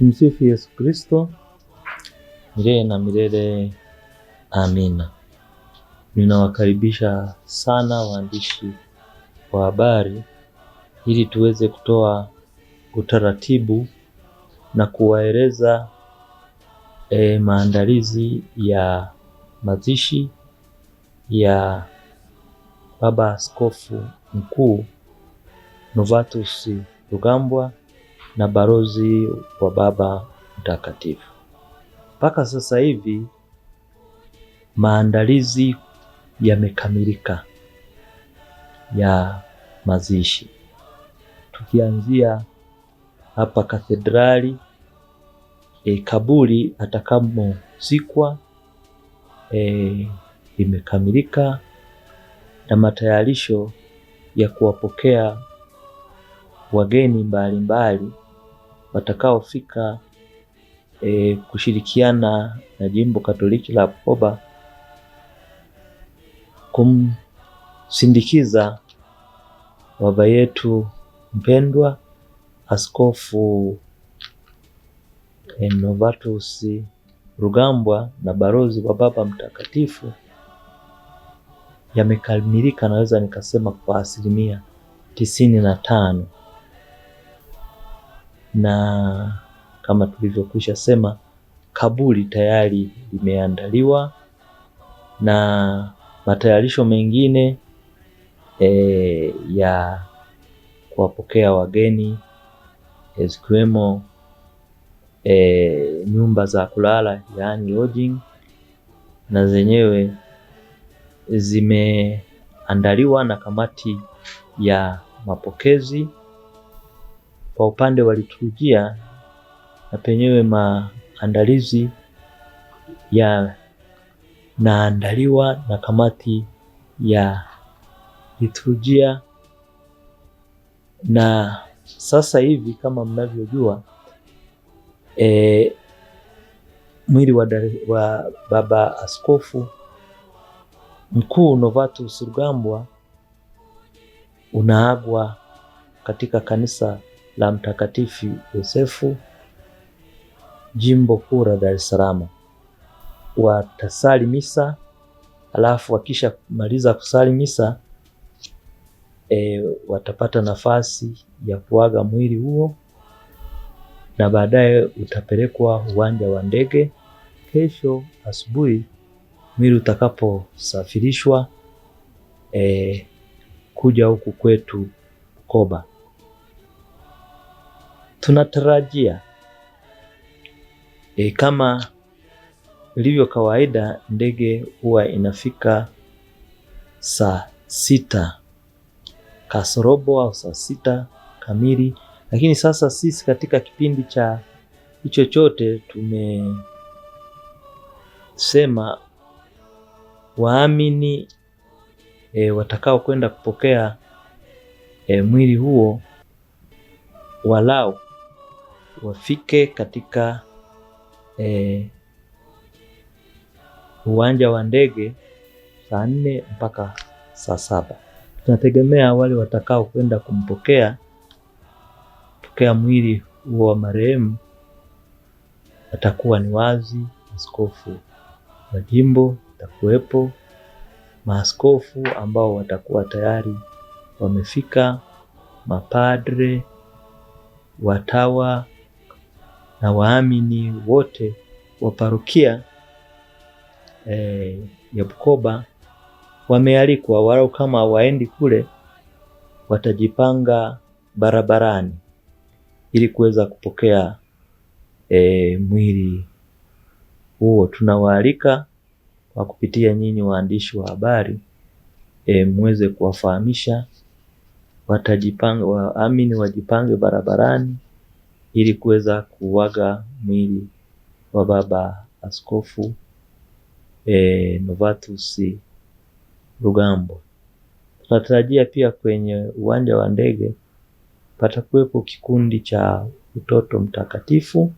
Tumsifu Yesu Kristo milele na milele. Amina. Ninawakaribisha sana waandishi wa habari ili tuweze kutoa utaratibu na kuwaeleza e, maandalizi ya mazishi ya Baba Askofu Mkuu Novatus Rugambwa na balozi wa Baba Mtakatifu. Mpaka sasa hivi maandalizi yamekamilika ya mazishi, tukianzia hapa kathedrali e, kaburi atakamozikwa e, imekamilika na matayarisho ya kuwapokea wageni mbalimbali watakaofika e, kushirikiana na jimbo Katoliki la Bukoba kumsindikiza baba yetu mpendwa Askofu e, Novatus Rugambwa na balozi wa Baba Mtakatifu yamekamilika, naweza nikasema kwa asilimia tisini na tano na kama tulivyokwisha sema, kaburi tayari limeandaliwa na matayarisho mengine e, ya kuwapokea wageni zikiwemo e, nyumba za kulala yaani lodging, na zenyewe zimeandaliwa na kamati ya mapokezi. Kwa upande wa liturujia na penyewe maandalizi ya naandaliwa na kamati ya liturujia, na sasa hivi kama mnavyojua e, mwili wa, wa Baba Askofu Mkuu Novatus Rugambwa unaagwa katika kanisa la Mtakatifu Yosefu, jimbo kuu la Dar es Salaam. Watasali misa, alafu wakisha maliza kusali misa e, watapata nafasi ya kuaga mwili huo na baadaye utapelekwa uwanja wa ndege. Kesho asubuhi mwili utakaposafirishwa e, kuja huku kwetu Bukoba. Tunatarajia e, kama ilivyo kawaida, ndege huwa inafika saa sita kasorobo au saa sita kamili, lakini sasa sisi katika kipindi cha hicho chote tumesema waamini e, watakao kwenda kupokea e, mwili huo walau wafike katika eh, uwanja wa ndege saa nne mpaka saa saba. Tunategemea wale watakao kwenda kumpokea pokea mwili huo wa marehemu watakuwa ni wazi, askofu wa jimbo atakuwepo, maaskofu ambao watakuwa tayari wamefika, mapadre, watawa na waamini wote wa parokia e, ya Bukoba wamealikwa, walau kama waendi kule watajipanga barabarani ili kuweza kupokea e, mwili huo. Tunawaalika kwa kupitia nyinyi waandishi wa habari e, muweze kuwafahamisha watajipanga, waamini wajipange barabarani ili kuweza kuwaga mwili wa baba askofu e, Novatus Rugambwa. Tunatarajia pia kwenye uwanja wa ndege patakuwepo kikundi cha utoto mtakatifu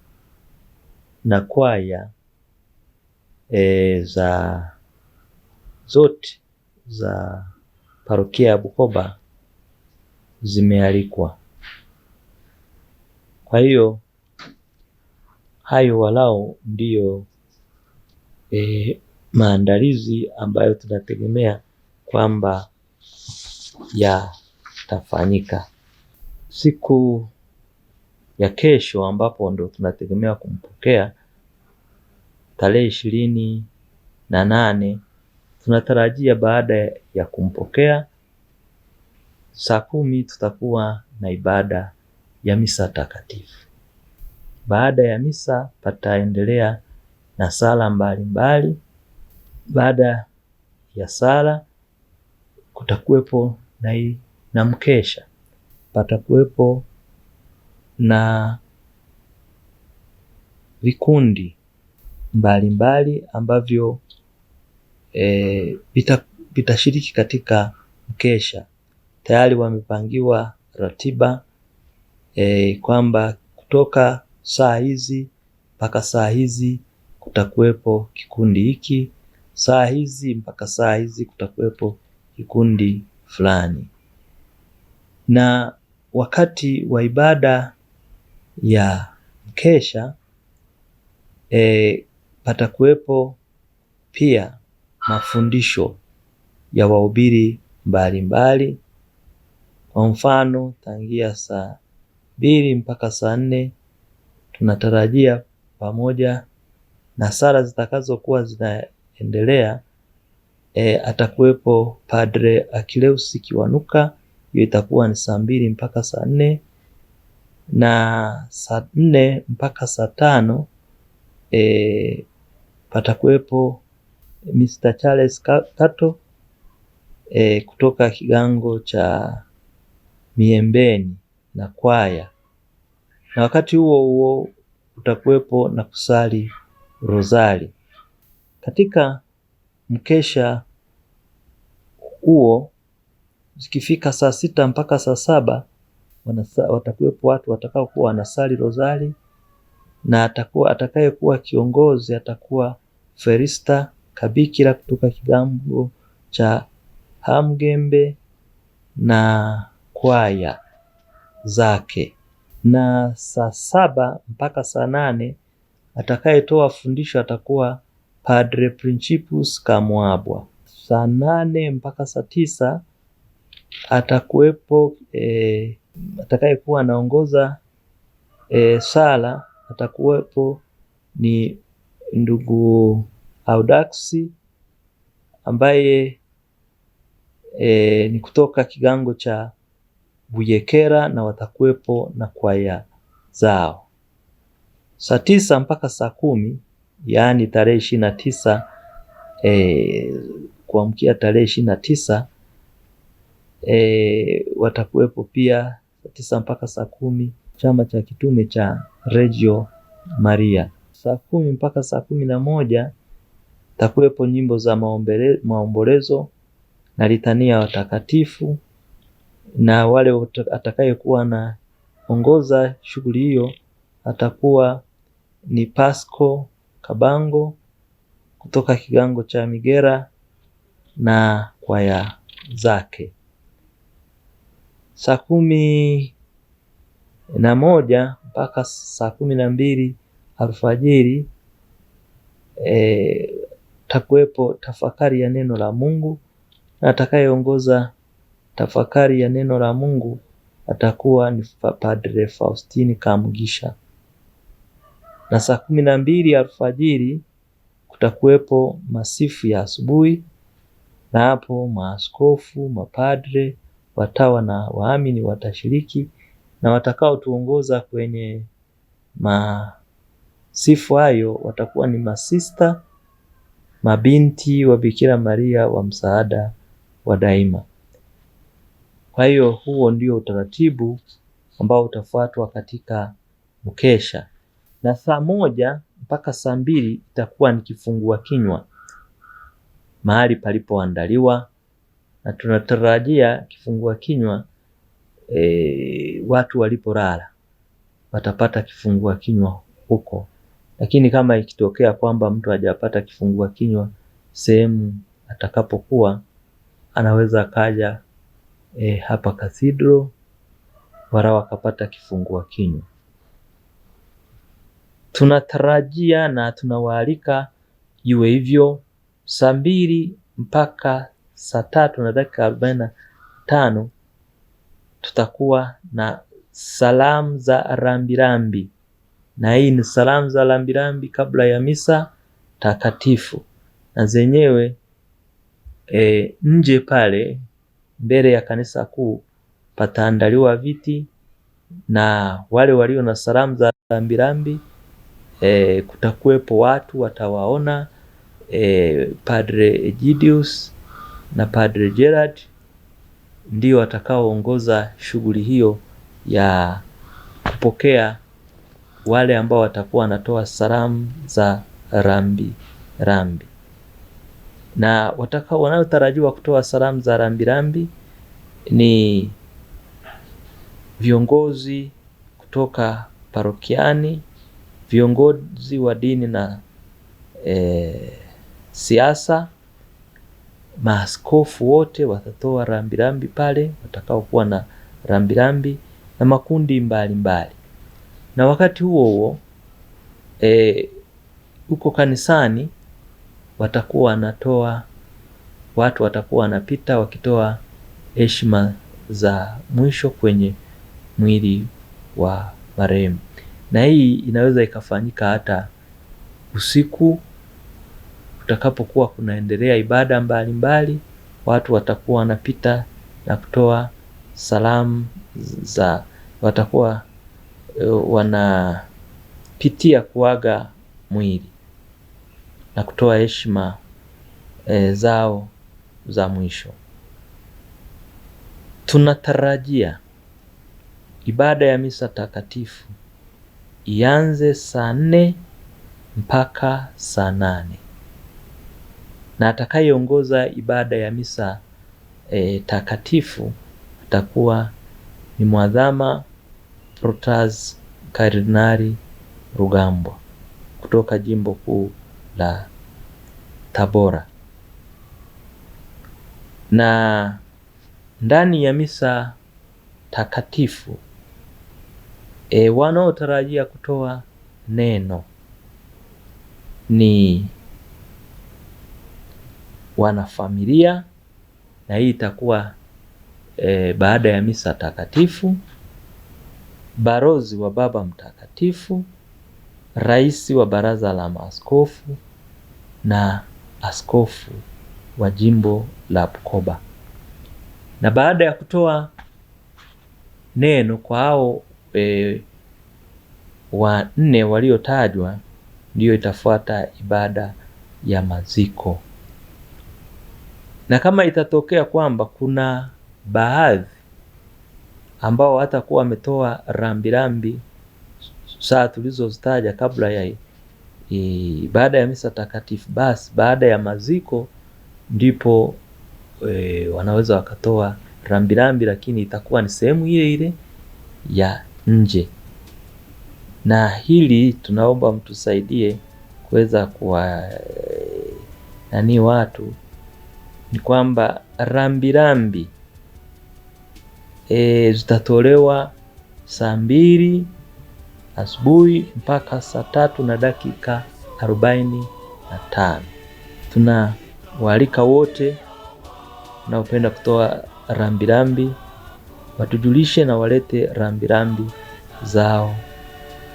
na kwaya e, za zote za parokia ya Bukoba zimealikwa. Kwa hiyo hayo walau ndiyo e, maandalizi ambayo tunategemea kwamba yatafanyika siku ya kesho, ambapo ndo tunategemea kumpokea tarehe ishirini na nane. Tunatarajia baada ya kumpokea saa kumi tutakuwa na ibada ya misa takatifu. Baada ya misa pataendelea na sala mbalimbali. Baada ya sala kutakuwepo na, na mkesha, patakuwepo na vikundi mbalimbali mbali ambavyo e, vitashiriki katika mkesha. Tayari wamepangiwa ratiba e, kwamba kutoka saa hizi mpaka saa hizi kutakuwepo kikundi hiki, saa hizi mpaka saa hizi kutakuwepo kikundi fulani. Na wakati wa ibada ya mkesha e, patakuwepo pia mafundisho ya wahubiri mbalimbali, kwa mfano tangia saa mbili mpaka saa nne tunatarajia pamoja na sala zitakazokuwa zinaendelea e, atakuwepo Padre Akileus Kiwanuka. Hiyo itakuwa ni saa mbili mpaka saa nne na saa nne mpaka saa tano e, patakuwepo Mr. Charles Kato e, kutoka kigango cha Miembeni na kwaya, na wakati huo huo utakuwepo na kusali rozari. Katika mkesha huo, zikifika saa sita mpaka saa saba watakuwepo watu watakaokuwa wanasali rozari, na atakuwa atakayekuwa kiongozi atakuwa Ferista Kabikira kutoka kigambo cha Hamgembe na kwaya zake, na saa saba mpaka saa nane atakayetoa fundisho atakuwa Padre Principus Kamwabwa. Saa nane mpaka saa tisa atakuwepo e, atakayekuwa anaongoza e, sala atakuwepo ni ndugu Audaksi ambaye e, ni kutoka kigango cha Buyekera na watakuwepo na kwaya zao. Saa tisa mpaka saa kumi yaani tarehe ishirini na tisa e, kuamkia tarehe ishirini na tisa e, watakuwepo pia saa tisa mpaka saa kumi chama cha kitume cha Reggio Maria. Saa kumi mpaka saa kumi na moja takuwepo nyimbo za maombolezo na litania watakatifu na wale atakayekuwa anaongoza shughuli hiyo atakuwa ni Pasco Kabango kutoka kigango cha Migera na kwaya zake. Saa kumi na moja mpaka saa kumi na mbili alfajiri e, takuwepo tafakari ya neno la Mungu na atakayeongoza tafakari ya neno la Mungu atakuwa ni Padre Faustini Kamugisha. Na saa kumi na mbili alfajiri kutakuwepo masifu ya asubuhi, na hapo maaskofu, mapadre, watawa na waamini watashiriki, na watakaotuongoza kwenye masifu hayo watakuwa ni masista, mabinti wa Bikira Maria wa msaada wa daima. Kwa hiyo huo ndio utaratibu ambao utafuatwa katika mkesha, na saa moja mpaka saa mbili itakuwa ni kifungua kinywa mahali palipoandaliwa, na tunatarajia kifungua kinywa e, watu walipolala watapata kifungua kinywa huko, lakini kama ikitokea kwamba mtu hajapata kifungua kinywa sehemu atakapokuwa, anaweza akaja e, hapa Cathedral, mara wakapata kifungua kinywa. Tunatarajia na tunawaalika iwe hivyo saa mbili mpaka saa tatu na dakika arobaini na tano tutakuwa na salamu za rambirambi, na hii ni salamu za rambirambi kabla ya misa takatifu, na zenyewe e, nje pale mbele ya kanisa kuu pataandaliwa viti na wale walio na salamu za rambirambi e, kutakuwepo watu watawaona e, Padre Egidius na Padre Gerard ndio watakaoongoza shughuli hiyo ya kupokea wale ambao watakuwa wanatoa salamu za rambi rambi na watakao wanaotarajiwa kutoa salamu za rambirambi ni viongozi kutoka parokiani, viongozi wa dini na e, siasa. Maaskofu wote watatoa rambirambi pale watakaokuwa na rambirambi na makundi mbalimbali mbali. Na wakati huo huo e, uko kanisani watakuwa wanatoa, watu watakuwa wanapita wakitoa heshima za mwisho kwenye mwili wa marehemu, na hii inaweza ikafanyika hata usiku utakapokuwa kunaendelea ibada mbalimbali mbali, watu watakuwa wanapita na kutoa salamu za, watakuwa eh, wanapitia kuaga mwili na kutoa heshima e, zao za mwisho. Tunatarajia ibada ya misa takatifu ianze saa nne mpaka saa nane na atakayeongoza ibada ya misa e, takatifu atakuwa ni Mwadhama Protas kardinari Rugambwa kutoka Jimbo Kuu la Tabora. Na ndani ya misa takatifu e, wanaotarajia kutoa neno ni wanafamilia, na hii itakuwa e, baada ya misa takatifu, barozi wa Baba Mtakatifu rais wa baraza la maaskofu na askofu wa jimbo la Bukoba. Na baada ya kutoa neno kwa hao e, wanne waliotajwa, ndiyo itafuata ibada ya maziko. Na kama itatokea kwamba kuna baadhi ambao hata kuwa wametoa rambirambi saa tulizozitaja kabla ya baada ya misa takatifu, basi baada ya maziko ndipo e, wanaweza wakatoa rambirambi, lakini itakuwa ni sehemu ile ile ya nje. Na hili tunaomba mtusaidie kuweza kuwa e, nani watu ni kwamba rambirambi e, zitatolewa saa mbili asubuhi mpaka saa tatu na dakika arobaini na tano. tuna waalika wote naopenda kutoa rambirambi watujulishe na walete rambirambi zao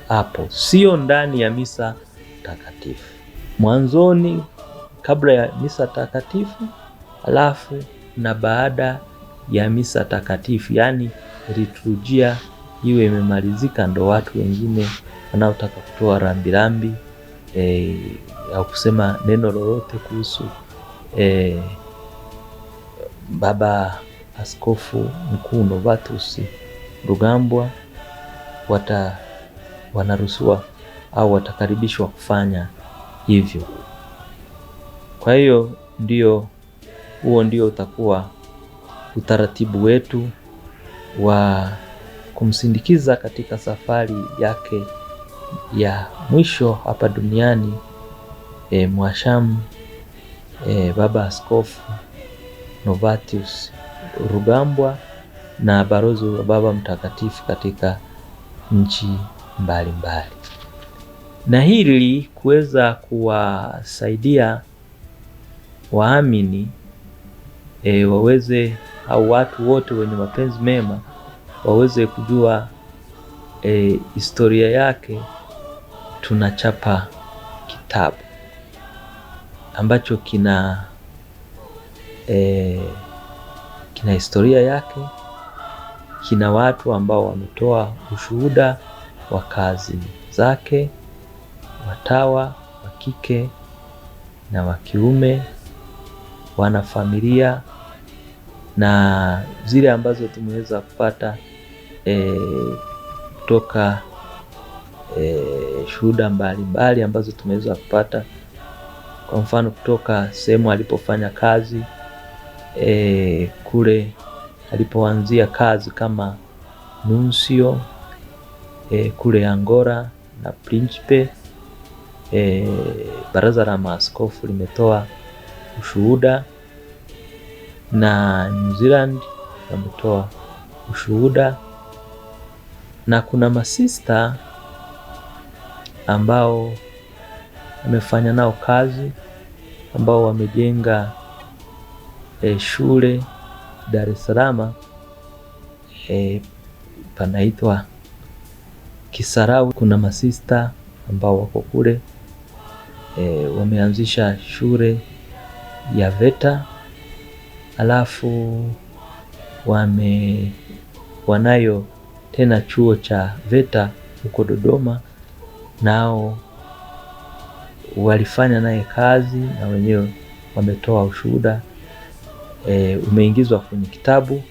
hapo, sio ndani ya misa takatifu, mwanzoni kabla ya misa takatifu, alafu na baada ya misa takatifu, yaani liturujia iwe imemalizika, ndo watu wengine wanaotaka kutoa rambirambi e, au kusema neno lolote kuhusu e, Baba Askofu Mkuu Novatus Rugambwa wata wanaruhusiwa au watakaribishwa kufanya hivyo. Kwa hiyo ndio huo ndio utakuwa utaratibu wetu wa kumsindikiza katika safari yake ya mwisho hapa duniani. E, eh, Mwashamu e, eh, Baba Askofu Novatius Rugambwa na balozi wa Baba Mtakatifu katika nchi mbalimbali mbali. Na hili kuweza kuwasaidia waamini e, waweze au watu wote wenye mapenzi mema waweze kujua e, historia yake. Tunachapa kitabu ambacho kina e, kina historia yake, kina watu ambao wametoa ushuhuda wa kazi zake, watawa wa kike na wa kiume, wanafamilia na zile ambazo tumeweza kupata e, e, shuhuda mbalimbali ambazo tumeweza kupata, kwa mfano kutoka sehemu alipofanya kazi e, kule alipoanzia kazi kama nuncio e, kule Angola na Principe e, baraza la maaskofu limetoa ushuhuda na New Zealand wametoa ushuhuda na kuna masista ambao amefanya nao kazi ambao wamejenga e, shule Dar es Salaam e, panaitwa Kisarawe. Kuna masista ambao wako kule e, wameanzisha shule ya VETA alafu wame wanayo tena chuo cha VETA huko Dodoma, nao walifanya naye kazi na wenyewe wametoa ushuhuda e, umeingizwa kwenye kitabu,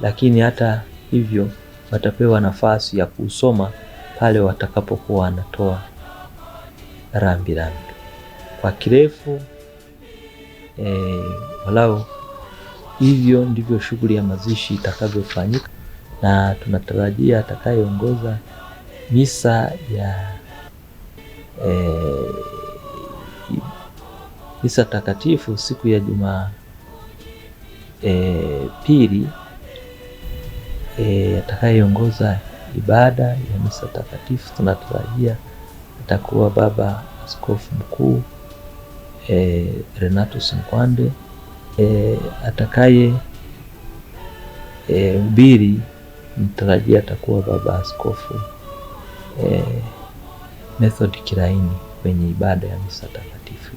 lakini hata hivyo watapewa nafasi ya kusoma pale watakapokuwa wanatoa rambi rambi kwa kirefu e, walau. Hivyo ndivyo shughuli ya mazishi itakavyofanyika na tunatarajia atakayeongoza misa ya e, misa takatifu siku ya Juma e, pili e, atakayeongoza ibada ya misa takatifu tunatarajia atakuwa Baba Askofu Mkuu e, Renatus Nkwande e, atakaye e, ubiri mtarajia atakuwa baba askofu e, Method Kilaini kwenye ibada ya misa takatifu.